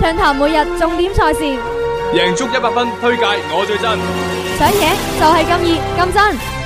暢談每日重點賽事，贏足一百分，推介我最真，想贏就係咁熱咁真。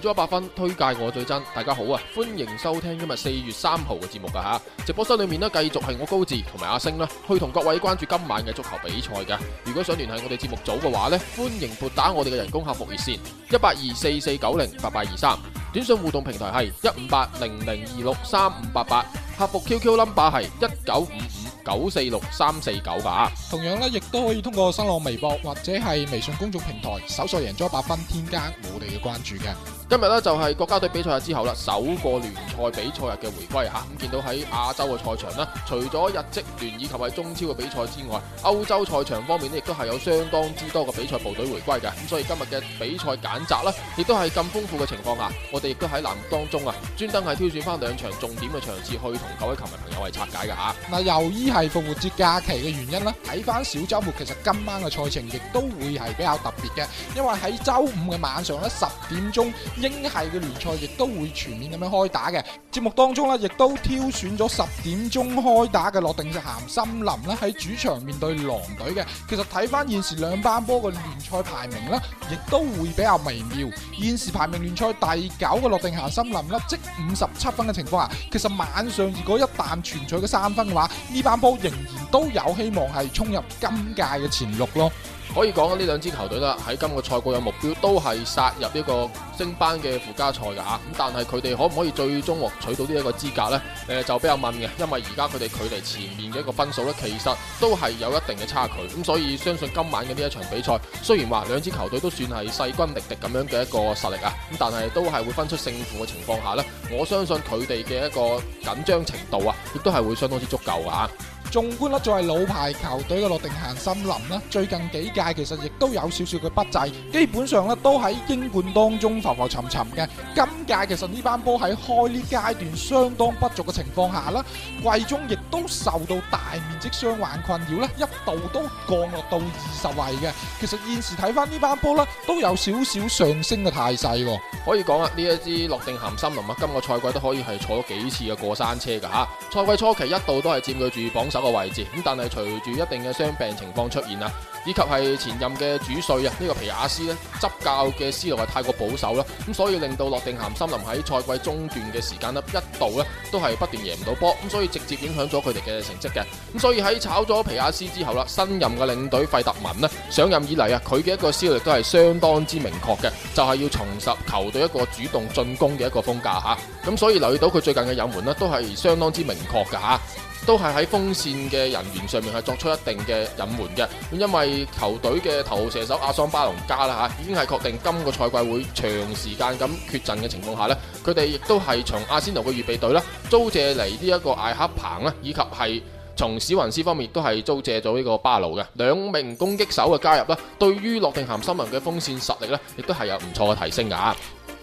贏足一百分推介我最真，大家好啊！歡迎收聽今日四月三號嘅節目噶吓，直播室裏面咧繼續係我高志同埋阿星啦，去同各位關注今晚嘅足球比賽嘅。如果想聯繫我哋節目組嘅話咧，歡迎撥打我哋嘅人工客服熱線一八二四四九零八八二三，短信互動平台係一五八零零二六三五八八，客服 QQ number 係一九五五九四六三四九八。同樣咧，亦都可以通過新浪微博或者係微信公眾平台搜索“贏足一百分”，添加我哋嘅關注嘅。今日咧就係國家隊比賽日之後啦，首個聯賽比賽日嘅回歸吓，咁見到喺亞洲嘅賽場啦，除咗日職聯以及喺中超嘅比賽之外，歐洲賽場方面咧亦都係有相當之多嘅比賽部隊回歸嘅，咁所以今日嘅比賽揀擇啦，亦都係咁豐富嘅情況下，我哋亦都喺欄目當中啊，專登係挑選翻兩場重點嘅場次去同各位球迷朋友去拆解㗎吓。嗱，由於係復活節假期嘅原因啦，睇翻小週末，其實今晚嘅賽程亦都會係比較特別嘅，因為喺週五嘅晚上咧十點鐘。英系嘅聯賽亦都會全面咁樣開打嘅，節目當中咧亦都挑選咗十點鐘開打嘅諾定咸森林啦，喺主場面對狼隊嘅。其實睇返現時兩班波嘅聯賽排名咧，亦都會比較微妙。現時排名聯賽第九嘅諾定咸森林啦，積五十七分嘅情況下，啊，其實晚上如果一旦全取嘅三分嘅話，呢班波仍然都有希望係衝入今屆嘅前六咯。可以講呢兩支球隊啦，喺今個賽季嘅目標，都係殺入呢個升班嘅附加賽噶吓。咁但係佢哋可唔可以最終獲取到呢一個資格呢？誒，就比較問嘅，因為而家佢哋距離前面嘅一個分數呢，其實都係有一定嘅差距。咁所以相信今晚嘅呢一場比賽，雖然話兩支球隊都算係勢均力敵咁樣嘅一個實力啊，咁但係都係會分出勝負嘅情況下呢。我相信佢哋嘅一個緊張程度啊，亦都係會相當之足夠噶吓。縱觀咧，作為老牌球隊嘅諾定咸森林啦，最近幾屆其實亦都有少少嘅不濟，基本上咧都喺英冠當中浮浮沉沉嘅。今屆其實呢班波喺開呢階段相當不俗嘅情況下啦，季中亦都受到大面積傷患困擾啦，一度都降落到二十位嘅。其實現時睇返，呢班波咧，都有少少上升嘅態勢，可以講啊，呢一支諾定咸森林啊，今個賽季都可以係坐咗幾次嘅過山車噶吓。賽、啊、季初期一度都係佔據住榜手嘅位置咁，但係隨住一定嘅傷病情況出現啊，以及係前任嘅主帥啊，呢個皮亞斯咧執教嘅思路係太過保守咯，咁所以令到諾定咸森林喺賽季中段嘅時間咧一度咧都係不斷贏唔到波，咁所以直接影響咗佢哋嘅成績嘅。咁所以喺炒咗皮亞斯之後啦，新任嘅領隊費特文咧上任以嚟啊，佢嘅一個思路都係相當之明確嘅，就係要重拾球隊一個主動進攻嘅一個風格吓。咁所以留意到佢最近嘅引援咧，都係相當之明確嘅吓。都係喺鋒線嘅人員上面係作出一定嘅隱瞞嘅。咁因為球隊嘅頭號射手阿桑巴隆加啦吓，已經係確定今個賽季會長時間咁缺陣嘅情況下呢，佢哋亦都係從阿仙奴嘅預備隊啦租借嚟呢一個艾克彭啦，以及係從史雲斯方面都係租借咗呢個巴魯嘅兩名攻擊手嘅加入呢，對於洛定咸森林嘅鋒線實力呢，亦都係有唔錯嘅提升噶。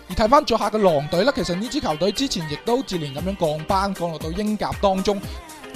而睇翻作客嘅狼隊呢，其實呢支球隊之前亦都接連咁樣降班降落到英甲當中。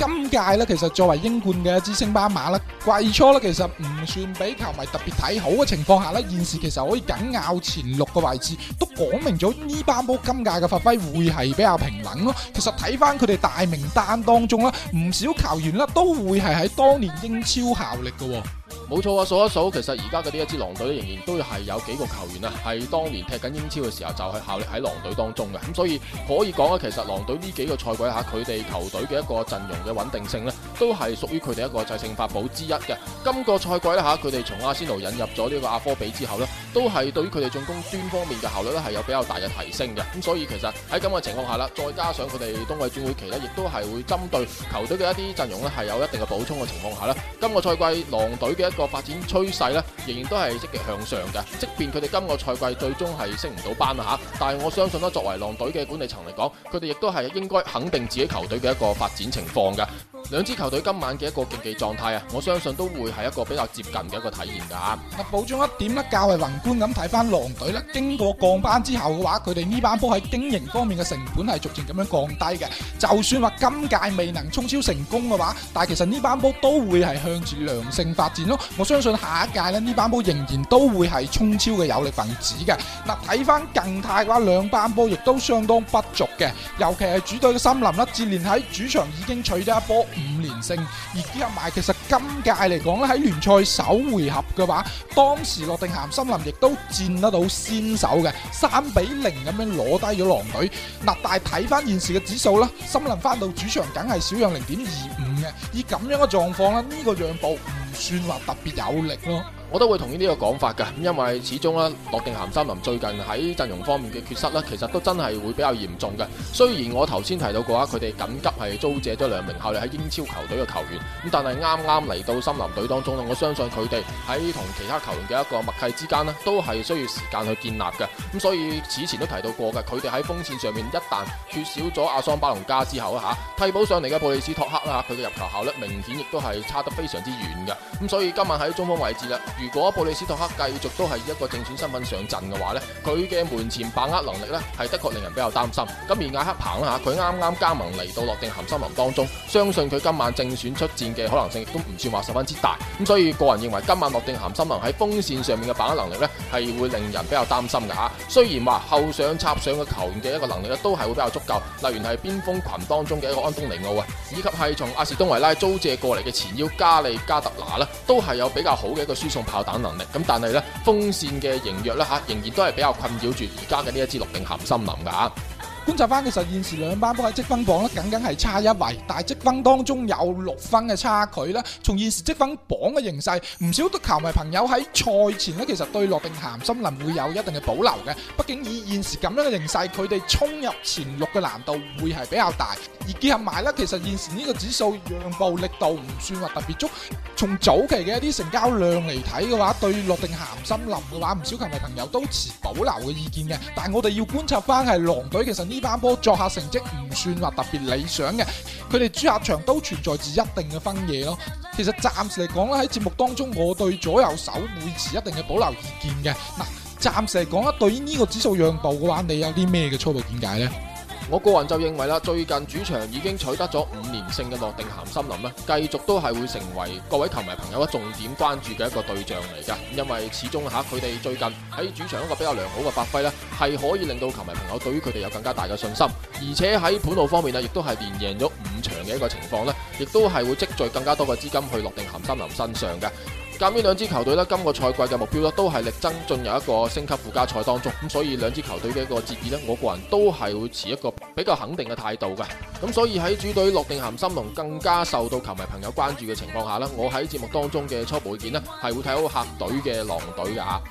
今屆咧，其實作為英冠嘅一支升班馬咧，季初咧其實唔算俾球迷特別睇好嘅情況下咧，現時其實可以緊咬前六個位置，都講明咗呢班波今屆嘅發揮會係比較平穩咯。其實睇翻佢哋大名單當中咧，唔少球員咧都會係喺當年英超效力嘅。冇錯啊，數一數，其實而家嘅呢一支狼隊仍然都係有幾個球員啊，係當年踢緊英超嘅時候就係效力喺狼隊當中嘅，咁所以可以講啊，其實狼隊呢幾個賽季吓，佢哋球隊嘅一個陣容嘅穩定性呢，都係屬於佢哋一個制勝法寶之一嘅。今個賽季咧吓，佢哋從阿仙奴引入咗呢個阿科比之後呢，都係對於佢哋進攻端方面嘅效率呢，係有比較大嘅提升嘅，咁所以其實喺咁嘅情況下啦，再加上佢哋冬季轉會期呢，亦都係會針對球隊嘅一啲陣容呢，係有一定嘅補充嘅情況下咧。今個賽季狼隊嘅一個發展趨勢咧，仍然都係積極向上嘅。即便佢哋今個賽季最終係升唔到班吓，但係我相信啦，作為狼隊嘅管理層嚟講，佢哋亦都係應該肯定自己球隊嘅一個發展情況嘅。兩支球隊今晚嘅一個競技狀態啊，我相信都會係一個比較接近嘅一個體驗㗎嚇。嗱，補充一點咧，較為宏觀咁睇翻狼隊咧，經過降班之後嘅話，佢哋呢班波喺經營方面嘅成本係逐漸咁樣降低嘅。就算話今屆未能衝超成功嘅話，但係其實呢班波都會係向住良性發展咯。我相信下一屆咧，呢班波仍然都會係衝超嘅有力分子嘅。嗱，睇翻近態嘅話，兩班波亦都相當不俗。尤其係主隊嘅森林啦，接連喺主場已經取得一波五連勝，而加埋其實今屆嚟講咧，喺聯賽首回合嘅話，當時諾定咸森林亦都佔得到先手嘅三比零咁樣攞低咗狼隊。嗱，但係睇翻現時嘅指數啦，森林翻到主場梗係少讓零點二五嘅，以咁樣嘅狀況咧，呢個讓步唔算話特別有力咯。我都會同意呢個講法㗎，因為始終咧，洛定咸森林最近喺陣容方面嘅缺失呢，其實都真係會比較嚴重嘅。雖然我頭先提到過啊，佢哋緊急係租借咗兩名效力喺英超球隊嘅球員，咁但係啱啱嚟到森林隊當中咧，我相信佢哋喺同其他球員嘅一個默契之間咧，都係需要時間去建立嘅。咁所以此前都提到過嘅，佢哋喺鋒線上面一旦缺少咗阿桑巴龍加之後啊，替補上嚟嘅布利斯托克啦，佢嘅入球效率明顯亦都係差得非常之遠嘅。咁所以今晚喺中鋒位置啦。如果布里斯托克繼續都係以一個正選身份上陣嘅話呢，佢嘅門前把握能力呢，係的確令人比較擔心。咁而艾克彭啊，佢啱啱加盟嚟到諾定咸森林當中，相信佢今晚正選出戰嘅可能性亦都唔算話十分之大。咁所以個人認為今晚諾定咸森林喺鋒線上面嘅把握能力呢，係會令人比較擔心嘅嚇。雖然話後上插上嘅球員嘅一個能力呢都係會比較足夠，例如係邊鋒群當中嘅一個安東尼奧啊，以及係從阿士東維拉租借過嚟嘅前腰加利加特拿呢，都係有比較好嘅一個輸送。炮彈能力咁，但係咧風扇嘅羸弱咧嚇，仍然都係比較困擾住而家嘅呢一支諾定咸森林㗎。觀察翻，其實現時兩班波喺積分榜呢僅僅係差一位，但係積分當中有六分嘅差距啦。從現時積分榜嘅形勢，唔少嘅球迷朋友喺賽前呢其實對落定咸森林會有一定嘅保留嘅。畢竟以現時咁樣嘅形勢，佢哋衝入前六嘅難度會係比較大。而結合埋呢，其實現時呢個指數讓步力度唔算話特別足。從早期嘅一啲成交量嚟睇嘅話，對落定咸森林嘅話，唔少球迷朋友都持保留嘅意見嘅。但係我哋要觀察翻係狼隊其實。呢班波作客成績唔算話特別理想嘅，佢哋主客場都存在住一定嘅分野咯。其實暫時嚟講咧，喺節目當中，我對左右手會持一定嘅保留意見嘅。嗱、呃，暫時嚟講啦，對於呢個指數讓步嘅話，你有啲咩嘅初步見解呢？我個人就認為啦，最近主場已經取得咗五連勝嘅諾定咸森林咧，繼續都係會成為各位球迷朋友重點關注嘅一個對象嚟噶。因為始終吓佢哋最近喺主場一個比較良好嘅發揮咧，係可以令到球迷朋友對於佢哋有更加大嘅信心，而且喺盤路方面啊，亦都係連贏咗五場嘅一個情況咧，亦都係會積聚更加多嘅資金去諾定咸森林身上嘅。鑒於兩支球隊呢，今個賽季嘅目標都係力爭進入一個升級附加賽當中，咁所以兩支球隊嘅一個戰意呢，我個人都係會持一個比較肯定嘅態度嘅。咁所以喺主隊落定咸森林更加受到球迷朋友關注嘅情況下呢，我喺節目當中嘅初步意見呢，係會睇好客隊嘅狼隊嘅吓。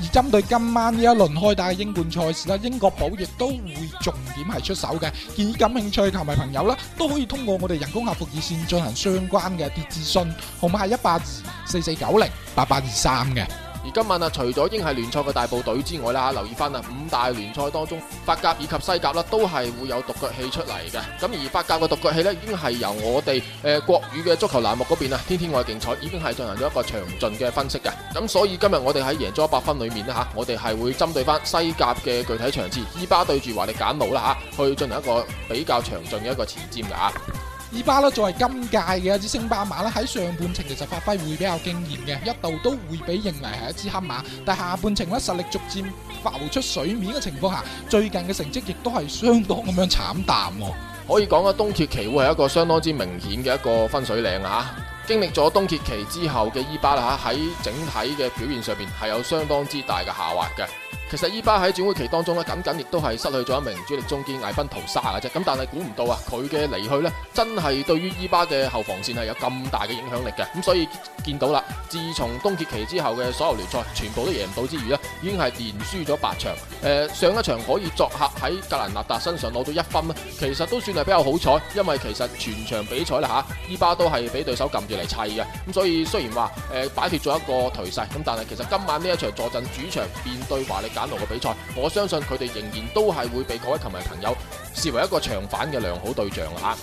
而針對今晚呢一輪開打嘅英冠賽事咧，英國寶亦都會重點係出手嘅，建議感興趣嘅球迷朋友啦，都可以通過我哋人工客服熱線進行相關嘅一啲諮詢，號碼係一八二四四九零八八二三嘅。而今晚啊，除咗已經係聯賽嘅大部隊之外啦，吓留意翻啊，五大聯賽當中法甲以及西甲啦，都係會有獨腳戲出嚟嘅。咁而法甲嘅獨腳戲已經係由我哋誒、呃、國語嘅足球欄目嗰邊啊，天天外競彩已經係進行咗一個詳盡嘅分析嘅。咁所以今日我哋喺贏足 100FUN 裏面啦，吓我哋係會針對翻西甲嘅具體場次，伊巴對住華力簡武啦吓，去進行一個比較詳盡嘅一個前瞻噶吓。伊巴啦，作為今屆嘅一支升班馬咧，喺上半程其實發揮會比較驚艷嘅，一度都會被認為係一支黑馬，但下半程咧實力逐漸浮出水面嘅情況下，最近嘅成績亦都係相當咁樣慘淡。可以講啦，冬歇期會係一個相當之明顯嘅一個分水嶺啊！經歷咗冬歇期之後嘅伊巴啦，喺整體嘅表現上邊係有相當之大嘅下滑嘅。其實伊巴喺轉會期當中咧，僅僅亦都係失去咗一名主力中堅艾賓屠沙嘅啫。咁但係估唔到啊，佢嘅離去呢，真係對於伊巴嘅後防線係有咁大嘅影響力嘅。咁所以見到啦，自從冬歇期之後嘅所有聯賽，全部都贏唔到之餘呢，已經係連輸咗八場。誒、呃，上一場可以作客喺格蘭納達身上攞到一分啦，其實都算係比較好彩，因為其實全場比賽啦吓，伊巴都係俾對手撳住嚟砌嘅。咁所以雖然話誒擺脱咗一個頹勢，咁但係其實今晚呢一場坐鎮主場面對華力。板路嘅比賽，我相信佢哋仍然都係會被各位球迷朋友視為一個長反嘅良好對象吓。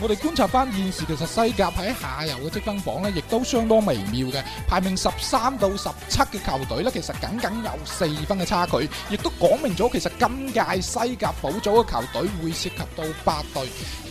我哋觀察翻現時，其實西甲喺下游嘅積分榜呢，亦都相當微妙嘅。排名十三到十七嘅球隊呢，其實僅僅有四分嘅差距，亦都講明咗其實今屆西甲保組嘅球隊會涉及到八隊。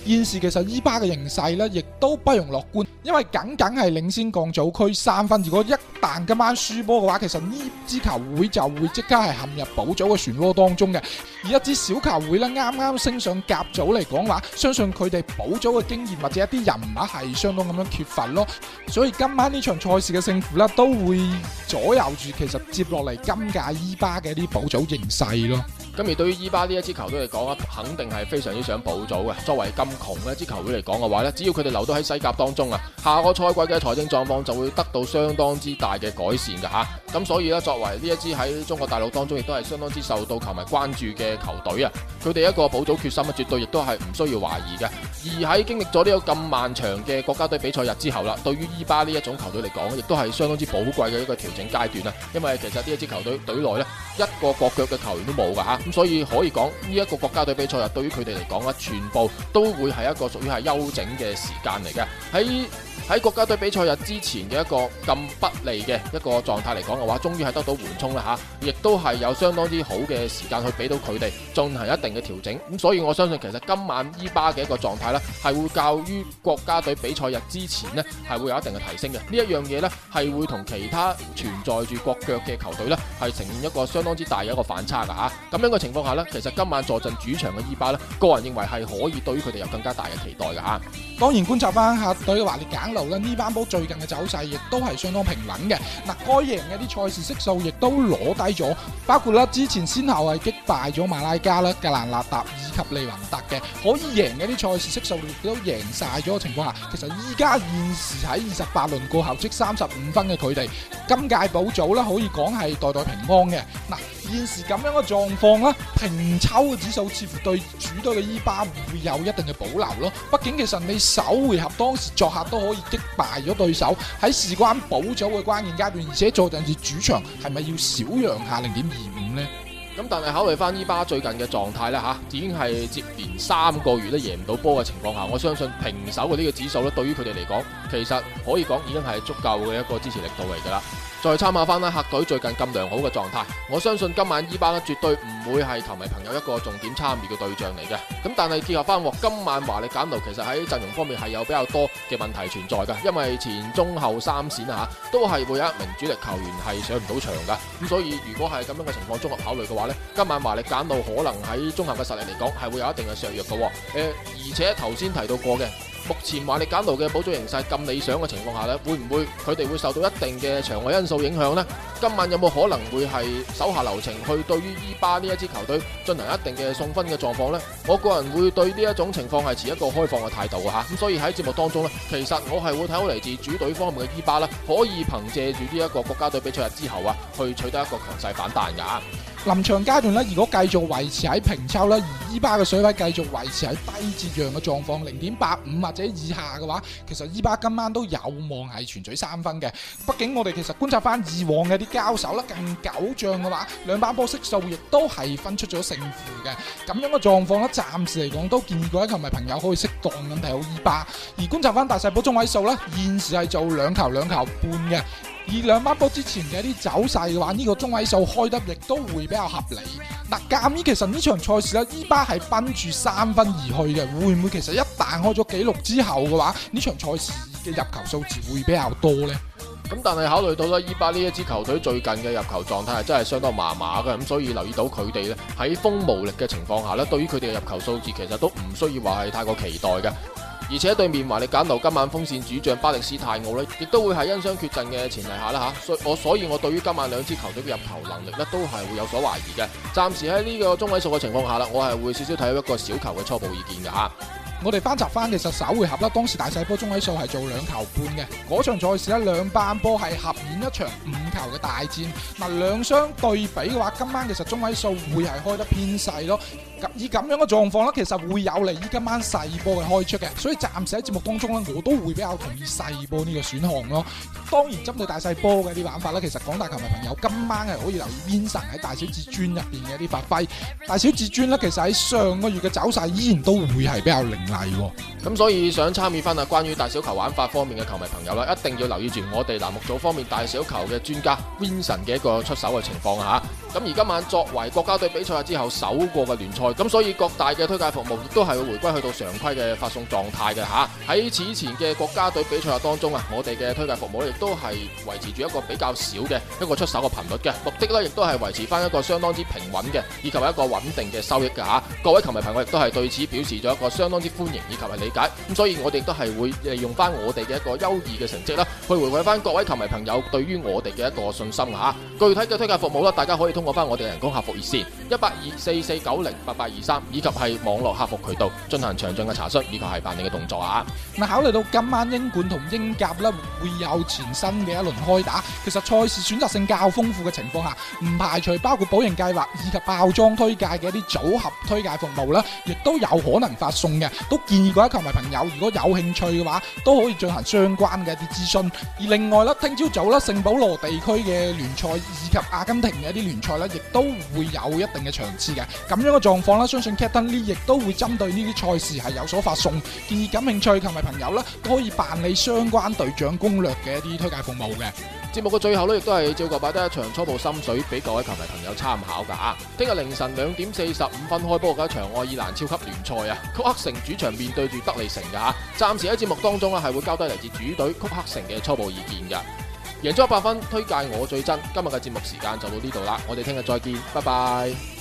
現時其實依巴嘅形勢呢，亦都不容樂觀，因為僅僅係領先降組區三分。如果一旦今晚輸波嘅話，其實呢支球會就會即刻係陷入保組嘅漩渦當中嘅。而一支小球會咧，啱啱升上甲組嚟講話，相信佢哋保組嘅經驗或者一啲人物係相當咁樣缺乏咯，所以今晚呢場賽事嘅勝負咧，都會左右住其實接落嚟今屆伊巴嘅啲保組形勢咯。咁而對於伊巴呢一支球隊嚟講啊，肯定係非常之想補組嘅。作為咁窮嘅一支球會嚟講嘅話呢，只要佢哋留到喺西甲當中啊，下個賽季嘅財政狀況就會得到相當之大嘅改善嘅嚇。咁所以呢，作為呢一支喺中國大陸當中亦都係相當之受到球迷關注嘅球隊啊，佢哋一個補組決心啊，絕對亦都係唔需要懷疑嘅。而喺經歷咗呢個咁漫長嘅國家隊比賽日之後啦，對於伊巴呢一種球隊嚟講，亦都係相當之寶貴嘅一個調整階段啦。因為其實呢一支球隊隊內呢，一個國腳嘅球員都冇㗎吓，咁所以可以講呢一個國家隊比賽日對於佢哋嚟講呢，全部都會係一個屬於係休整嘅時間嚟嘅喺。喺國家隊比賽日之前嘅一個咁不利嘅一個狀態嚟講嘅話，終於係得到緩衝啦嚇，亦都係有相當之好嘅時間去俾到佢哋進行一定嘅調整。咁所以我相信其實今晚伊巴嘅一個狀態呢，係會較於國家隊比賽日之前呢，係會有一定嘅提升嘅。呢一樣嘢呢，係會同其他存在住國腳嘅球隊呢係呈現一個相當之大嘅一個反差噶嚇。咁樣嘅情況下呢，其實今晚坐鎮主場嘅伊巴呢，bar, 個人認為係可以對於佢哋有更加大嘅期待噶嚇。當然觀察翻客隊嘅華列啦呢班波最近嘅走勢亦都係相當平穩嘅，嗱該贏嘅啲賽事悉數亦都攞低咗，包括啦之前先後係擊敗咗馬拉加啦、格蘭納達及利雲特嘅可以贏嘅啲賽事悉數亦都贏晒咗嘅情況下，其實依家現時喺二十八輪過後即三十五分嘅佢哋今屆保組咧可以講係代代平安嘅。嗱，現時咁樣嘅狀況啦，平抽嘅指數似乎對主隊嘅伊巴會有一定嘅保留咯。畢竟其實你首回合當時作客都可以擊敗咗對手，喺事關保組嘅關鍵階段，而且坐陣住主場係咪要少讓下零點二五呢？咁但係考慮翻依巴最近嘅狀態呢，吓，已經係接連三個月都贏唔到波嘅情況下，我相信平手嘅呢個指數咧，對於佢哋嚟講，其實可以講已經係足夠嘅一個支持力度嚟噶啦。再參考翻咧，客隊最近咁良好嘅狀態，我相信今晚呢班呢，絕對唔會係球迷朋友一個重點參與嘅對象嚟嘅。咁但係結合翻喎，今晚華力簡路其實喺陣容方面係有比較多嘅問題存在㗎，因為前中後三線啊都係會有一名主力球員係上唔到場㗎。咁所以如果係咁樣嘅情況綜合考慮嘅話呢，今晚華力簡路可能喺綜合嘅實力嚟講係會有一定嘅削弱嘅。喎。而且頭先提到過嘅。目前華力簡奴嘅保組形勢咁理想嘅情況下呢，會唔會佢哋會受到一定嘅場外因素影響呢？今晚有冇可能會係手下留情去對於伊巴呢一支球隊進行一定嘅送分嘅狀況呢？我個人會對呢一種情況係持一個開放嘅態度㗎。咁所以喺節目當中呢，其實我係會睇好嚟自主隊方面嘅伊巴啦，bar，可以憑借住呢一個國家隊比賽日之後啊，去取得一個強勢反彈噶。臨場階段咧，如果繼續維持喺平抽咧，而伊巴嘅水位繼續維持喺低字樣嘅狀況，零點八五或者以下嘅話，其實伊巴今晚都有望係全取三分嘅。畢竟我哋其實觀察翻以往嘅啲交手咧，近九仗嘅話，兩把波色數亦都係分出咗勝負嘅。咁樣嘅狀況咧，暫時嚟講都建議各位球迷朋友可以適當咁睇好伊巴。而觀察翻大細波中位數咧，現時係做兩球兩球半嘅。而兩波之前嘅一啲走勢嘅話，呢、這個中位數開得亦都會比較合理。嗱、呃，鑑於其實呢場賽事咧，伊巴係奔住三分而去嘅，會唔會其實一旦開咗紀錄之後嘅話，呢場賽事嘅入球數字會比較多呢？咁但係考慮到啦，伊巴呢一支球隊最近嘅入球狀態係真係相當麻麻嘅，咁所以留意到佢哋咧喺鋒無力嘅情況下咧，對於佢哋嘅入球數字其實都唔需要話係太過期待嘅。而且對面華力簡奴今晚鋒線主將巴力斯泰奧呢亦都會係因傷缺陣嘅前提下啦我所以我對於今晚兩支球隊嘅入球能力呢，都係會有所懷疑嘅。暫時喺呢個中位數嘅情況下啦，我係會少少睇一個小球嘅初步意見嘅我哋翻查翻，其實首回合啦，當時大細波中位數係做兩球半嘅，嗰場賽事呢，兩班波係合演一場五球嘅大戰。嗱兩相對比嘅話，今晚其實中位數會係開得偏細咯。以咁樣嘅狀況啦，其實會有利於今晚細波嘅開出嘅，所以暫時喺節目當中咧，我都會比較同意細波呢個選項咯。當然針對大細波嘅啲玩法咧，其實廣大球迷朋友今晚係可以留意 Vincent 喺大小至尊入邊嘅一啲發揮。大小至尊咧，其實喺上個月嘅走勢，依然都會係比較凌厲喎。咁所以想參與翻啊，關於大小球玩法方面嘅球迷朋友咧，一定要留意住我哋欄目組方面大小球嘅專家 Vincent 嘅一個出手嘅情況嚇。咁而今晚作為國家隊比賽之後首個嘅聯賽。咁所以各大嘅推介服務亦都係會回歸去到常規嘅發送狀態嘅吓。喺此前嘅國家隊比賽當中啊，我哋嘅推介服務咧亦都係維持住一個比較少嘅一個出手嘅頻率嘅。目的咧亦都係維持翻一個相當之平穩嘅，以及一個穩定嘅收益嘅吓。各位球迷朋友亦都係對此表示咗一個相當之歡迎以及係理解。咁所以我哋亦都係會利用翻我哋嘅一個優異嘅成績啦，去回饋翻各位球迷朋友對於我哋嘅一個信心吓。具體嘅推介服務咧，大家可以通過翻我哋嘅人工客服熱線。一八二四四九零八八二三，以及係網絡客服渠道進行詳盡嘅查詢，以及係辦理嘅動作啊！嗱，考慮到今晚英冠同英甲咧會有全新嘅一輪開打，其實賽事選擇性較豐富嘅情況下，唔排除包括保贏計劃以及爆莊推介嘅一啲組合推介服務咧，亦都有可能發送嘅。都建議各位球迷朋友，如果有興趣嘅話，都可以進行相關嘅一啲諮詢。而另外咧，聽朝早咧聖保羅地區嘅聯賽以及阿根廷嘅一啲聯賽咧，亦都會有一定嘅場次嘅咁樣嘅狀況啦，相信 Captain Lee 亦都會針對呢啲賽事係有所發送，建議感興趣球迷朋友呢都可以辦理相關隊長攻略嘅一啲推介服務嘅。節目嘅最後呢，亦都係照舊擺低一場初步心水俾各位球迷朋友參考㗎啊！聽日凌晨兩點四十五分開波嘅一場愛爾蘭超級聯賽啊，曲克城主場面對住德利城㗎嚇，暫時喺節目當中呢係會交低嚟自主隊曲克城嘅初步意見嘅。贏咗一百分，推介我最憎。今日嘅節目時間就到呢度啦，我哋聽日再見，拜拜。